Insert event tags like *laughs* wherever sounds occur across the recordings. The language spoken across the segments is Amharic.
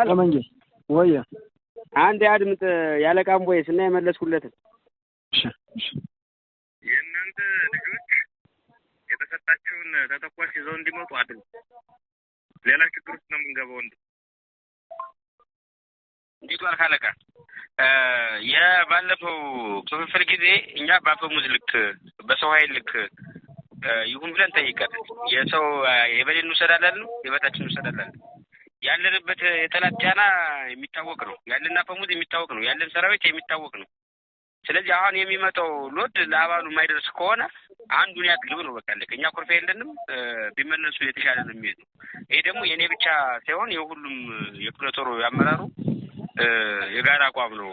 አለመንጌ ወየ አንድ አድምጥ። ያለቃም ቦይስ እና የመለስኩለት የእናንተ ልጆች የተሰጣችሁን ተተኳሽ ይዘው እንዲመጡ አድ ሌላ ችግር ውስጥ ነው የምንገባው። እንደ እንዲቷል ካለቃ የባለፈው ክፍፍል ጊዜ እኛ በአፈሙዝ ልክ በሰው ኃይል ልክ ይሁን ብለን ጠይቀን የሰው የበሌን ውሰድ አላልንም፣ የበታችን ውሰድ አላልንም። ያለንበት የጠላት ጫና የሚታወቅ ነው። ያለን አፈሙዝ የሚታወቅ ነው። ያለን ሰራዊት የሚታወቅ ነው። ስለዚህ አሁን የሚመጣው ሎድ ለአባሉ የማይደርስ ከሆነ አንዱን ያድርግ ነው። በቃ እኛ ኩርፌ የለንም። ቢመለሱ የተሻለ ነው የሚሄድ ነው። ይሄ ደግሞ የእኔ ብቻ ሳይሆን የሁሉም የክፍለ ጦሩ ያመራሩ የጋራ አቋም ነው።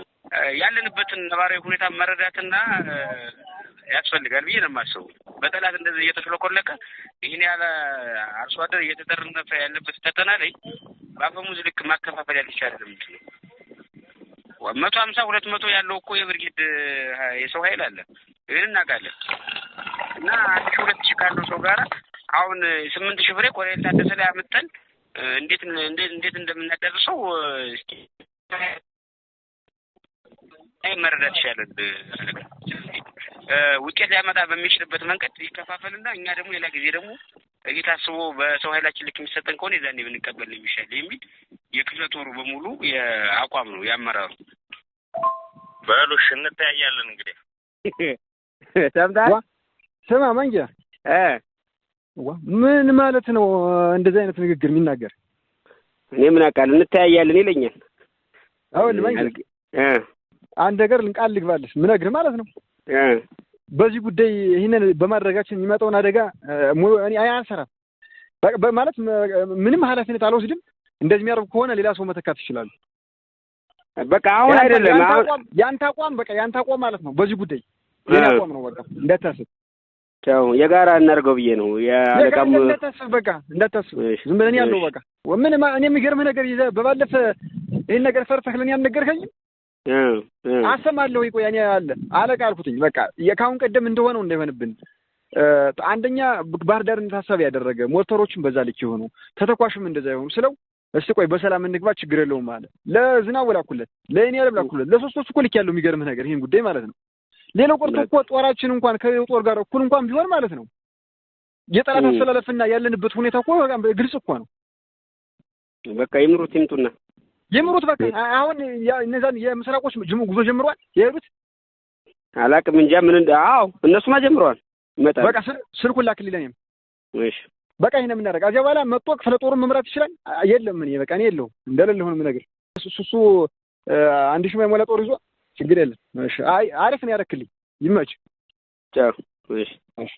ያለንበትን ነባራዊ ሁኔታ መረዳትና ያስፈልጋል ብዬ ነው የማስበው። በጠላት እንደዚህ እየተስለኮለከ ይህን ያለ አርሶ አደር እየተጠረነፈ ያለበት ተጠና ላይ በአፈሙዝ ልክ ማከፋፈል ያልቻለ ምንድ ነው? መቶ ሀምሳ ሁለት መቶ ያለው እኮ የብርጌድ የሰው ኃይል አለ። ይህን እናውቃለን። እና አንድ ሺህ ሁለት ሺህ ካለው ሰው ጋራ አሁን ስምንት ሺህ ብሬ ኮሬል ታደሰ ላይ አምጠን እንዴት እንዴት እንደምናደርሰው እስኪ አይ መረዳት ይሻላል። ውጤት ሊያመጣ በሚችልበት መንገድ ይከፋፈልና እኛ ደግሞ ሌላ ጊዜ ደግሞ እዚህ ታስቦ በሰው ኃይላችን ልክ የሚሰጠን ከሆነ የዛኔ ብንቀበል የሚሻል የሚል የክፍለ ጦሩ በሙሉ የአቋም ነው ያመራሩ። በሉ እሺ እንተያያለን። እንግዲህ *laughs* ሰምታ ስማ መንጃ ምን ማለት ነው እንደዚህ አይነት ንግግር የሚናገር? እኔ ምን አውቃለሁ። እንተያያለን ይለኛል። አሁን ልመኝ አንድ ነገር ልንቃል ልግባልሽ ምነግር ማለት ነው በዚህ ጉዳይ ይህንን በማድረጋችን የሚመጣውን አደጋ እኔ አልሰራም ማለት ምንም ኃላፊነት አልወስድም። እንደዚህ የሚያደርጉ ከሆነ ሌላ ሰው መተካት ይችላሉ። በቃ አሁን አይደለም ያንተ አቋም በቃ ያንተ አቋም ማለት ነው። በዚህ ጉዳይ የኔ አቋም ነው። በቃ እንዳታስብ፣ ያው የጋራ እናድርገው ብዬ ነው። ያለቃም እንዳታስብ፣ በቃ እንዳታስብ፣ ዝም ብለን ያለው በቃ ምን እኔ የሚገርምህ ነገር ይዘህ በባለፈ ይህን ነገር ፈርተህ ልን ያልነገርከኝም አሰማለሁ። ይቆ ያኔ አለ አለቃ አልኩትኝ። በቃ ከአሁን ቀደም እንደሆነው እንዳይሆንብን አንደኛ ባህር ዳር ታሳቢ ያደረገ ሞተሮችም በዛ ልክ የሆኑ ተተኳሽም እንደዛ የሆኑ ስለው እስቲ ቆይ በሰላም እንግባ ችግር የለውም አለ። ለዝናቡ ላኩለት፣ ለእኔ ላኩለት፣ ለሶስቶች እኮ ልክ ያለው የሚገርምህ ነገር ይህን ጉዳይ ማለት ነው። ሌላው ቆርቶ እኮ ጦራችን እንኳን ከጦር ጋር እኩል እንኳን ቢሆን ማለት ነው የጠላት አስተላለፍና ያለንበት ሁኔታ እኮ በጣም ግልጽ እኮ ነው። በቃ ይምሩት ይምጡና ይምሩት በቃ አሁን እነዛን የምስራቆች ጉዞ ጀምረዋል። የሄዱት አላቅም እንጃ ምን እንደ አዎ እነሱማ ጀምሯል መጣ በቃ ስልኩን ላክልኝ ለኔም። እሺ በቃ ይሄን የምናደርግ አዚያ በኋላ መጥቶ ክፍለ ጦሩን መምራት ይችላል። የለም እኔ በቃ እኔ የለውም እንደሌለ ሆነ ነገር እሱ እሱ አንድ ሺህ የሞላ ጦር ይዞ ችግር የለም። እሺ አይ አሪፍ ነው ያረክልኝ ይመች ጫው እሺ